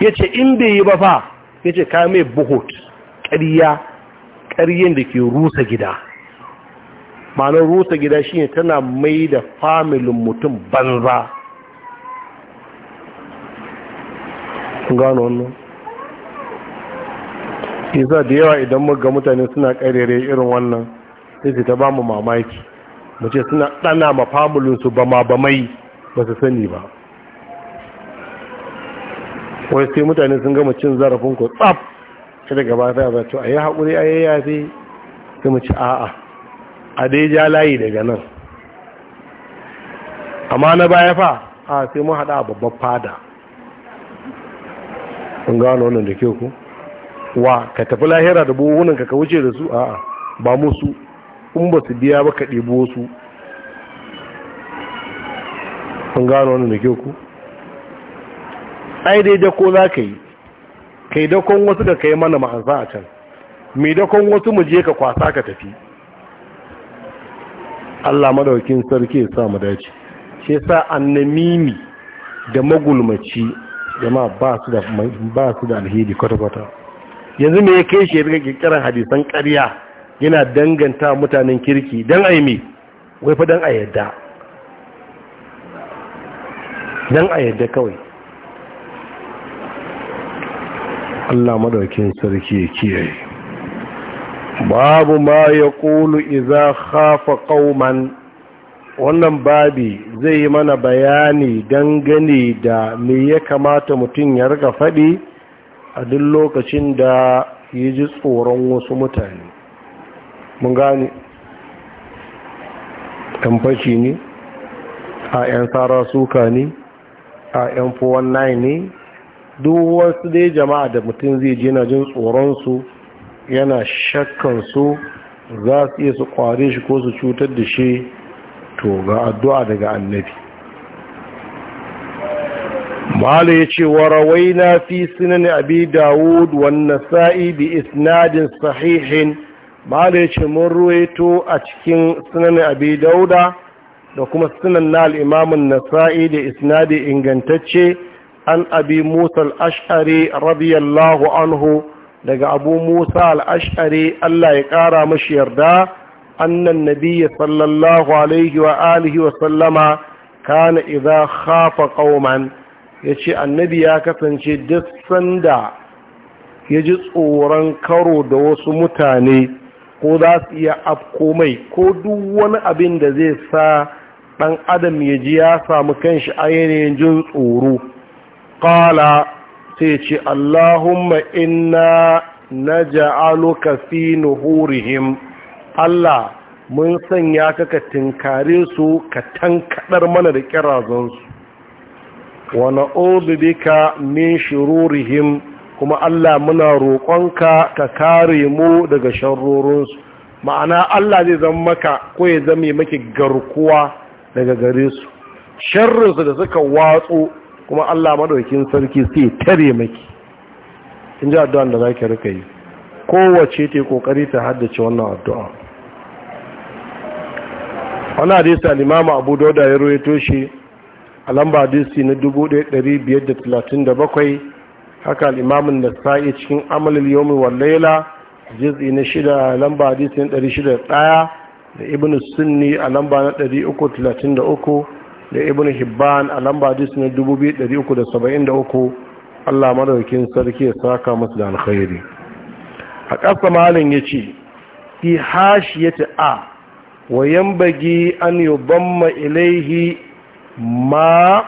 ya ce in bai yi ba fa ya ce ka mai buhut ƙarya ƙaryen da ke rusa gida ma'anar rusa gida shi ne tana mai da familin mutum banza gano wannan isa da yawa idan muga mutane suna ƙarere irin wannan sai ta ba mu mamaki mace suna ɗana ma familinsu ba ma ba mai ba su sani ba wai sai mutane sun gama cin zarafin ku tsaf sai daga ba ta zato a yi haƙuri a yi yafi sai mu ci a'a a dai ja layi daga nan amma na baya fa a sai mun haɗa a babbar fada kun gano wannan da ke ku wa ka tafi lahira da buhunan ka wuce da su a'a ba musu in ba su biya ba ka ɗebo su kun gano wannan da ke ku ai dai ko za ka yi kai dakon wasu ka kai mana ma'aza a can mai dakon wasu mu je ka kwasa ka tafi Allah madaukin sarki ya sa mu dace shi yasa annamimi da magulmaci jama'a ba su da ba su da alheri kwata-kwata yanzu me ya kai shi ya kirkiran hadisan ƙarya yana danganta mutanen kirki dan aimi wai fa dan a yadda dan a yadda kawai Allah madaukin sarki ya kiyaye babu ma ya kulu iza khafa ƙauman wannan babi zai yi mana bayani dangane da me ya kamata mutum ya rika faɗi a duk lokacin da ya ji tsoron wasu mutane mun gane ɗan fashi ne a 'yan tsara suka ne a 'yan 419 ne duk wasu dai jama'a da mutum zai je na jin tsoronsu yana shakkansu za su iya su kware shi ko su cutar da shi to ga addu'a daga annabi mala ya ce warawai na fi sinani abi dawud wannan sa'i bi isnadin sahihin mala ya ce mun ruwaito a cikin sinani abi dauda da kuma sunan na al'imamun nasa'i da isnadi ingantacce an abi musa al-ash'ari radiyallahu anhu daga abu musa al-ash'ari Allah ya ƙara mashi yarda annan nabiyya sallallahu alaihi wa alihi wa sallama kana idza khafa ya ce annabi ya kasance duk sanda ya ji tsoron karo da wasu mutane ko za su iya afko mai ko duk wani abin da zai sa ɗan adam ya ji ya samu kanshi a jin tsoro qala sai ce allahumma inna naj'aluka fi nuhurihim Allah mun sanya ka ka tinkare su ka tankadar mana da kirazansu wa na'udhu bika min shururihim kuma Allah muna roƙonka ka kare mu daga sharrorinsu ma'ana Allah zai zama maka ko ya zame maki garkuwa daga gare su sharrinsu da suka watsu kuma Allah madaukin sarki sai tare maki in ji addu'an da zaki rika yi kowace ta kokari ta haddace wannan addu'a wannan hadisi al-Imam Abu Dawud ya rawaito shi a lamba hadisi na 1537 haka al da An-Nasa'i cikin Amal al-Yawm wal Layla juz'i na 6 lamba hadisi na 601 da Ibn Sunni a lamba na 333 da ibn hibban a lamba hadisi na 2373 Allah madaukin sarki ya saka masu da alkhairi a ƙasa malin ya ce fi hashiyati a wa bagi an yubamma ilaihi ma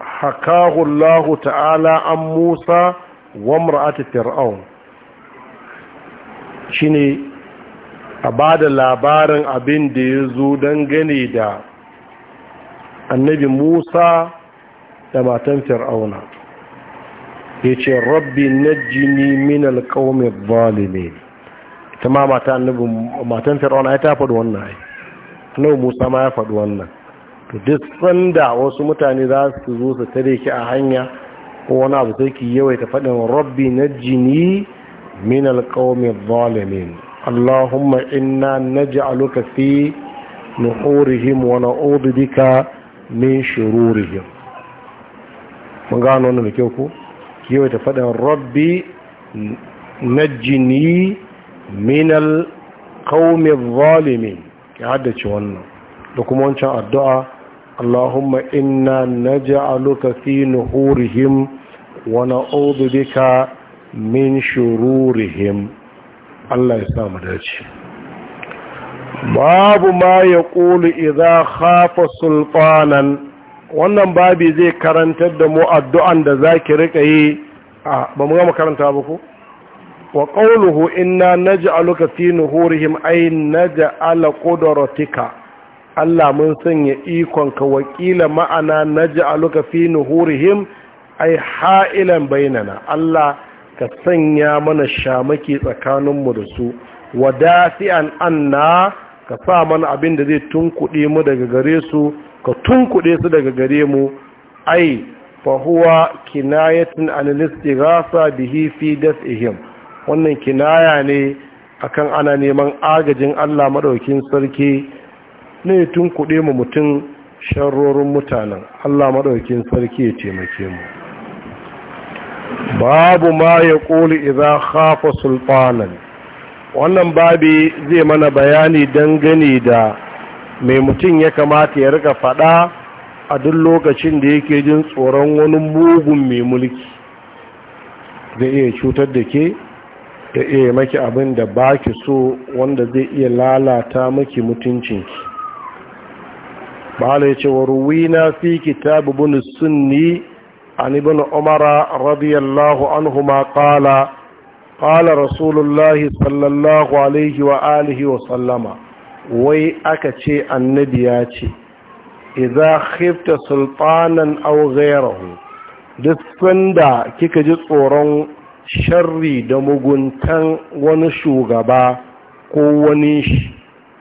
hakahu ta'ala an Musa wa mar'ati fir'aun shine a ba da labarin abin da ya zo dangane da annabi musa da matan fir'auna ya ce rabbi na jini min alƙaumin zalime ita ma matan fir'auna ya ta faɗi wannan ai annabi musa ma ya faɗi wannan to duk sanda wasu mutane za su zo su tare ki a hanya ko wani abu sai ki yawaita faɗin rabbi na jini min alƙaumin zalime اللهم إنا نجعلك في نحورهم ونعوذ بك min shirurihim mun gano wannan da kyau ko kiwa ta faɗin rabbi jini minal kaume zalimin ki haddace wannan da kuma wancan addu'a Allahumma inna naj'aluka fi nuhurihim wa na'udhu bika min shururihim Allah ya sa mu dace babu ma ya ƙulu iza hafa sulfanan wannan babi zai karantar da mu addu'an da za ki riƙa yi a ba mu gama karanta ba ku? wa ƙauluhu inna na a fi nuhurihim ai na ala ƙudorotika Allah mun sanya ka wakila ma'ana na ja'aluka fi nuhurihim ai ha'ilan bainana Allah ka sanya mana shamaki tsakaninmu da su wa dafi'an anna ka sa mana abin da zai tunkuɗe mu daga gare su ka tunkuɗe su daga gare mu ai fahuwa kinayatun anilisti rasa bihi fi daf'ihim wannan kinaya ne akan ana neman agajin Allah maɗaukin sarki ne tunkuɗe mu mutum sharrorin mutanen Allah maɗaukin sarki ya taimake mu babu ma ya ƙoli idan hafa sulfanan wannan babi zai mana bayani dangane da mai mutum ya kamata ya rika fada a duk lokacin da yake jin tsoron wani mugun mai mulki zai iya cutar da ke da iya maki abin da ba ki so wanda zai iya lalata maki mutuncinki ba ya ce wa ruwina fi kitabu bin sunni an ibn umara radiyallahu anhu ma kala ƙala rasulullahi sallallahu alaihi wa wa sallama wai aka ce annabi ya ce Iza khifta sultanan aw ghayrahu duk sanda kika ji tsoron sharri da muguntan wani shugaba ko wani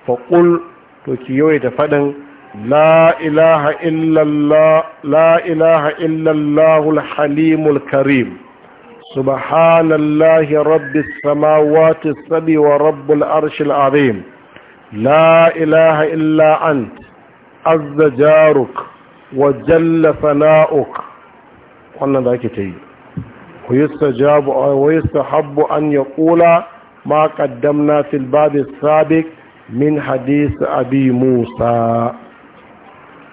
faƙul to ki yawai ta faɗin la ilaha illallah la karim سبحان الله رب السماوات السبع ورب الأرش العظيم لا إله إلا أنت عز جارك وجل فناؤك قلنا ذاك تي ويستجاب ويستحب أن يقول ما قدمنا في الباب السابق من حديث أبي موسى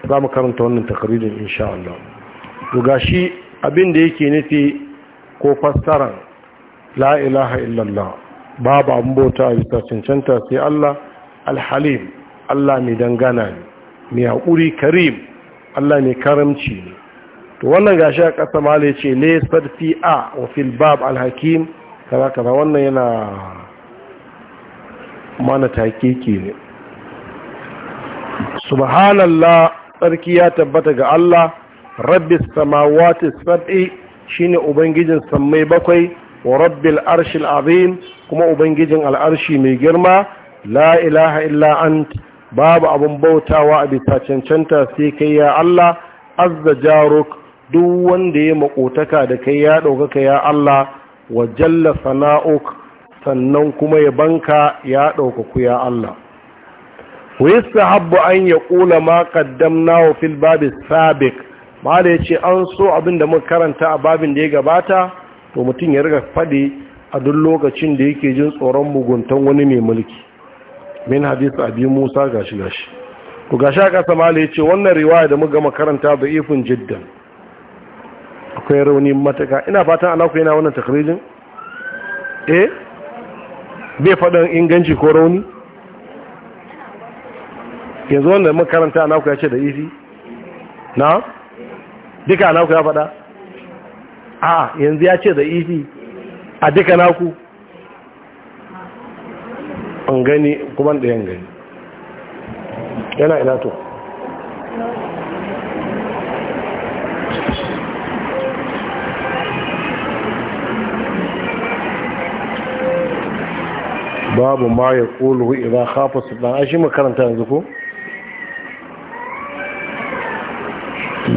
سلام كرمتون karanta wannan takaririn insha Allah. Ga shi abin da ko fassarar la ilaha illallah babu abin bauta a bisa cancanta sai Allah alhalim Allah mai dangana ne mai haƙuri karim Allah mai karamci ne to wannan gashi a ƙasa ma ya ce ne sarfi a wa fil bab alhakim kaza kaza wannan yana mana keke ne subhanallah sarki ya tabbata ga Allah rabbis samawati sab'i shine ubangijin sammai bakwai wa rabbil arshil azim kuma ubangijin al'arshi mai girma la ilaha illa ant babu abun bautawa a bisa cancanta sai kai ya Allah azza jaruk duk wanda ya makotaka da kai ya ɗaukaka ya Allah wa jalla sana'uk sannan kuma ya banka ya ɗaukaku ya Allah wa yastahabbu an yaqula ma qaddamna fil babi sabiq mala ya ce an so abin da muka karanta a babin da ya gabata to mutum ya riga faɗi a duk lokacin da yake jin tsoron muguntan wani mai mulki min hadisu abi musa gashi gashi to gashi a ƙasa mala ya ce wannan riwaya da muka gama karanta da ifin jiddan akwai rauni mataka ina fatan ana ku yana wannan takarijin eh bai faɗin inganci ko rauni yanzu wanda makaranta na ku ya ce da ifi na duka naku ya faɗa a yanzu ya ce da ifi e a duka naku an gani kuma yan gani yana ina to babu ma ya ƙulu idan hafa su ɗan ashe makaranta yanzu ko?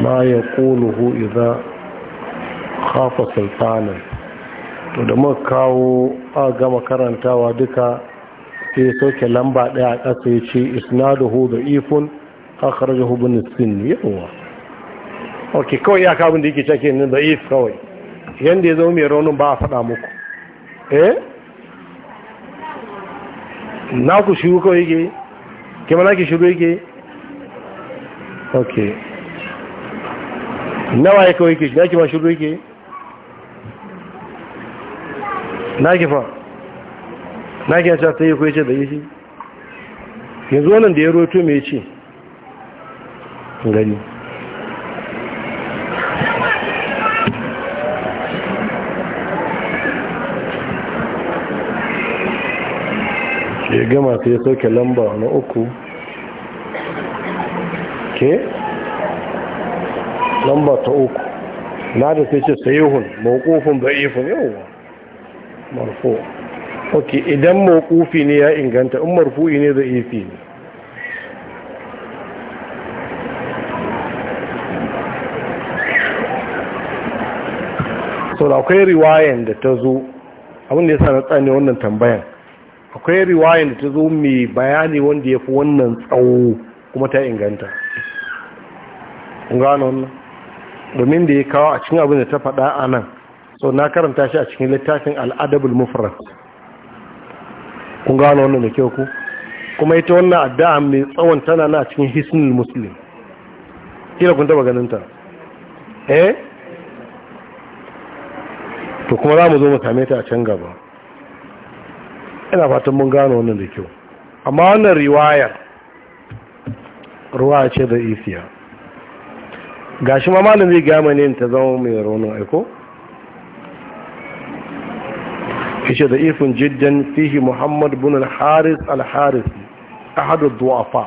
ma ya ƙoluhu idan hafa sultanin to da muka kawo a ga makarantawa duka ke sauke lamba ɗaya a ƙasa ya ce isnaduhu da ifun a akharar da hubin sin yawa ok kawai ya kabin da yake cake nan da if kawai yadda ya zama mai raunin ba a faɗa muku eh na ku shiru kawai ke, kima na ki shiru ke, ok nawa ya kawai ke shi naki ma shiru yake naki fa naki ya ce ta yi kwaye ce da yi yanzu wannan da ya roto mai ya gama ya lamba na uku ke lamba ta uku na da sai ce sayihun mawqufun da'ifun yawa marfo ok idan mawukufi ne ya inganta in marfu'i ne da'ifi ne da akwai riwayen da ta zo abin da ya sa na tsane wannan tambayan akwai riwayen da ta zo mai bayani wanda ya fi wannan tsawo kuma ta inganta gano wannan domin da ya kawo a cikin abin da ta faɗa a nan so na karanta shi a cikin littafin al'adabul mufrad kun gano wannan da kyau ku kuma ita wannan addu'a mai tsawon tana na cikin hisnul muslim kila kun taba ganin ta eh to kuma za mu zo mu same ta a can gaba ina fatan mun gano wannan da kyau amma wannan riwaya. ruwa ce da isiya shi ma mamalin zai gama ne ta zama mai raunin aiko ishe da ifin jirgin fihi muhammad bin al-haris al-haris ahadu duwafa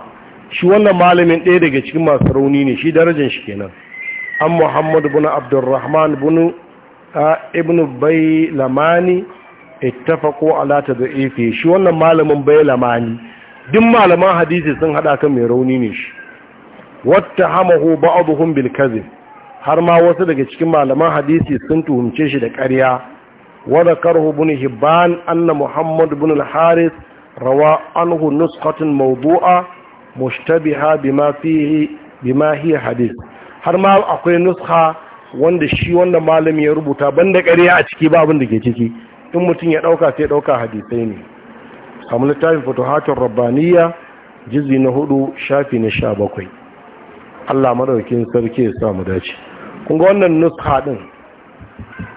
shi wannan malamin ɗaya daga cikin masu rauni ne shi darajan shi kenan an muhammad bin abdurrahman bin ibn bai lamani ittafaqu ala tad'ifi shi wannan malamin bai lamani duk malaman hadisi sun hada kan mai rauni ne shi wata hamahu ba'aduhum bil kazib har ma wasu daga cikin malaman hadisi sun tuhumce shi da ƙarya wa zakarhu ibn hibban anna muhammad bin al rawa anhu nuskhatun mawdu'a mushtabiha bima fihi bima har ma akwai nuskha wanda shi wanda malami ya rubuta banda ƙarya a ciki ba abin da ke ciki in mutum ya ɗauka sai ɗauka hadisai ne samu littafin futuhatun rabbaniya jizi na hudu shafi na sha bakwai Allah madaukin sarki ya samu dace kun ga wannan nusa din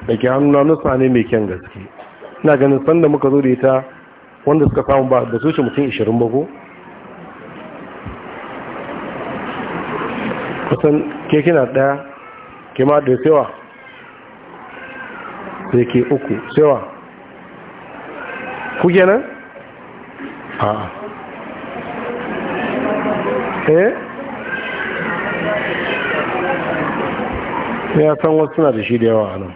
da ke hannuna nusa ne mai kyan gaske ina ganin sanda muka zo da ita wanda suka samu ba da su mutum 20 ba ko kusan ke kina daya ke ma da sewa sai ke uku sewa ku kenan a eh ya san wasu suna da shi da yawa a nan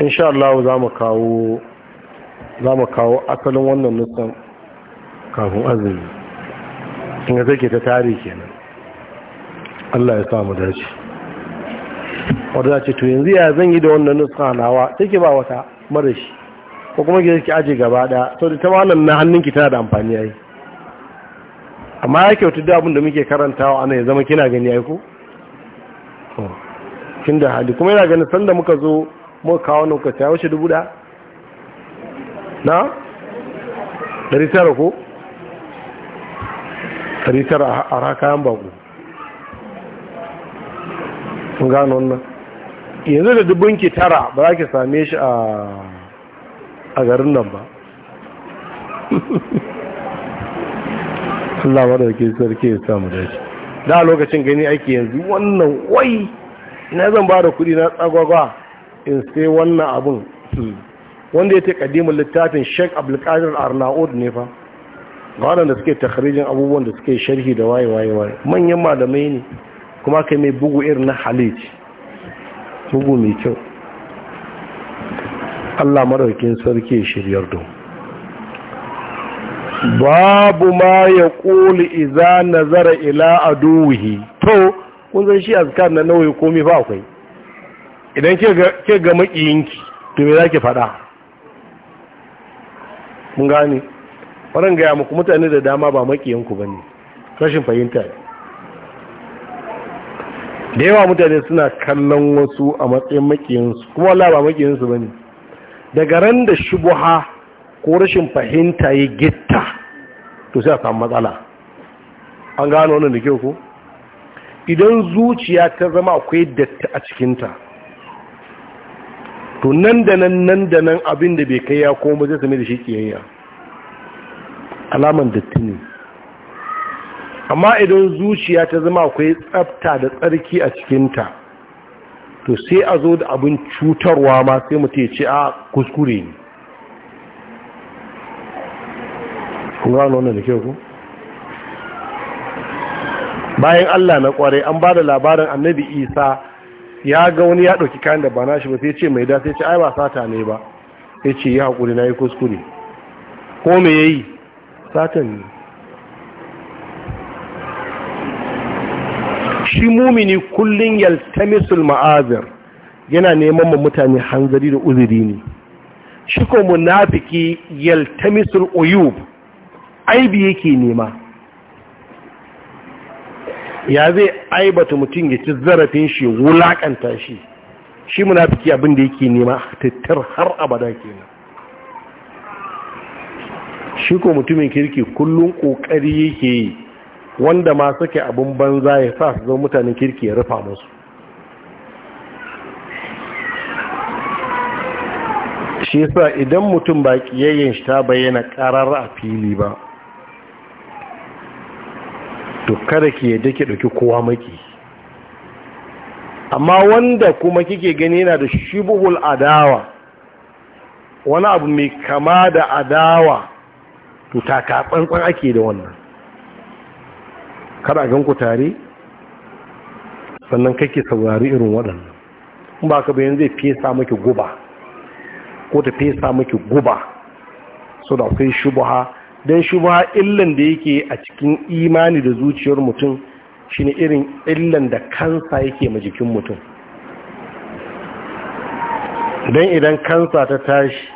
insha Allah za mu kawo asalin wannan nutsan kafin azumi inda take ta tare kenan Allah ya samu dace wadda ce to yanzu ya zan yi da wannan nutsan nawa take ba wata mara shi ko kuma ki ki aji gaba da to da ta wannan na hannunki tana da amfani ya yi, amma ya kyautu da abin da muke karantawa ana ya zama kina gani ya yi ko da hali kuma yana ganin sanda muka zo muka kawo nan ka tawo shi dubu da na dari tara ko dari tara a rakayan bako sun gano wannan yanzu da dubun ki tara ba za ki same shi a garin nan ba Allah wadda ke sarki ya samu shi da lokacin gani ake yanzu wannan wai ina zan ba da kuɗi na tsagwagwa in sai wannan abin wanda ya ce kadimin littafin sheik abdulkadir arnaud ne fa ga waɗanda suke takharijin abubuwan da suke sharhi da waye waye waye manyan malamai ne kuma kai mai bugu irin na halici bugu mai kyau Allah maraukin sarki shiryar don babu ma ya ƙuli iza nazara ila aduhi to kun san shi azkar na nauyi komi ba akwai idan ke ga makiyinki to me zaki faɗa mun gane wannan gaya muku mutane da dama ba makiyanku bane rashin fahimta ne da yawa mutane suna kallon wasu a matsayin makiyansu kuma wala ba makiyansu bane daga ran da shubuha ko rashin fahimta ya gitta to sai a samu matsala an gano wannan da kyau ko idan zuciya ta zama akwai datta a cikinta to nan da nan nan da nan abin da bai kai ya koma zai sami da shi kiyayya alaman datti ne amma idan zuciya ta zama akwai tsafta da tsarki a cikinta to sai a zo da abin cutarwa ma sai mutu ya ce a kuskure ne kun gano wannan da kyau ku bayan Allah na kware an ba da labarin annabi isa ya ga wani ya ɗauki kayan da bana na shi ba sai ce mai da sai ce ai ba sata ne ba sai ce ya haƙuri na yi kuskure ko me ya yi sata ne shi mumini kullum yaltamisul ma'azir yana neman mutane hanzari da uzuri ne shi ko munafiki yaltamisul uyub aibi yake nema ya zai aibata mutum ya ci zarafin shi wulaƙanta shi shi munafiki abin da yake nema tattar har abada kenan shi ko mutumin kirki kullum kokari yake yi wanda ma suke abin banza ya sa su zama mutanen kirki ya rufa musu shi yasa idan mutum ba kiyayyen shi ta bayyana karar a fili ba to kada ki yadda ki ɗauki kowa maki amma wanda kuma kike gani yana da shibuhul adawa wani abu mai kama da adawa to takatsantsan ake da wannan kada gan ku tare sannan kake saurari irin waɗannan ba ka bayan zai fesa maki guba ko ta fesa maki guba so da akwai shubuha don ba illan da yake a cikin imani da zuciyar mutum shi ne irin illan da kansa yake ma jikin mutum don idan kansa ta tashi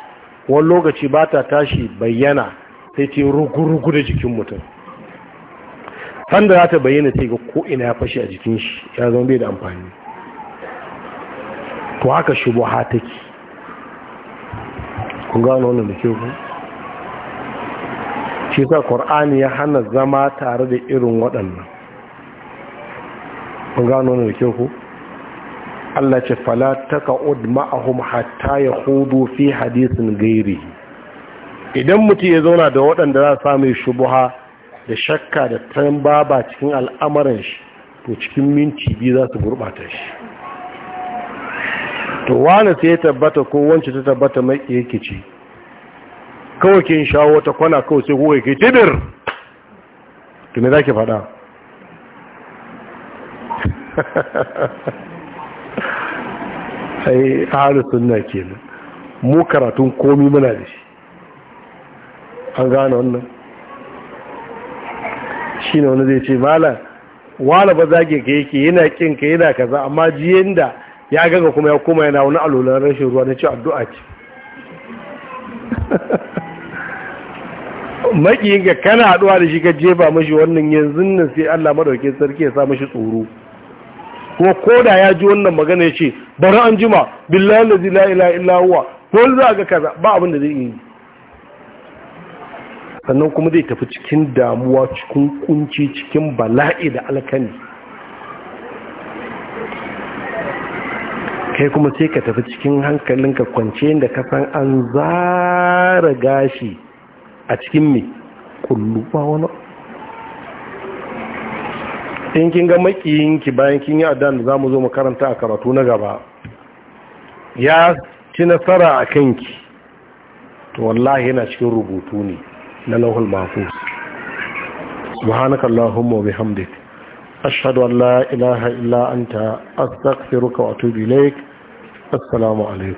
wani lokaci ba ta tashi bayyana sai ce rugu-rugu da jikin mutum sanda za ta bayyana sai ga ko'ina ya fashe a jikin shi ya zama bai da amfani to haka shubuha take kun gano wannan da ke ku shi sa ƙur'ani ya hana zama tare da irin waɗannan kun gano ne da ke ku Allah ce fala taqud ma'ahum hatta hudu fi hadisin gairi idan mutu ya zauna da waɗanda za sami samu shubuha da shakka da baba cikin al'amuran shi to cikin minti biyu za su gurɓata shi to wani sai ya tabbata ko wance ta tabbata mai yake ce kawai kin shawo ta kwana kawai sai kuka ke tibir to me zaki faɗa ai ahlus na kenan mu karatun komi muna da shi an gane wannan shi ne wani zai ce mala wala ba zage ka yake yana kin ka yana kaza amma jiyan da ya gaga kuma ya kuma yana wani alolan rashin ruwa na ce addu'a ce makiyin kana haduwa da shi ka jefa mashi wannan yanzu nan sai Allah madauke sarki ya sa mashi tsoro Ko koda ya ji wannan magana ya ce bari an jima billahi la ilaha illa huwa ko za ga kaza ba abin da zai yi sannan kuma zai tafi cikin damuwa cikin kunci cikin bala'i da alkani kai kuma sai ka tafi cikin hankalinka kwance da kasan an zara gashi a cikin mai kullu ba wani in kin ga makiyinki bayan kin yi adan da mu zo mu karanta a karatu na gaba ya ci nasara a kanki to wallahi yana cikin rubutu ne na lahul mahfuz subhanaka allahumma wa bihamdik ashhadu an la ilaha illa anta astaghfiruka wa atubu ilaik assalamu alaikum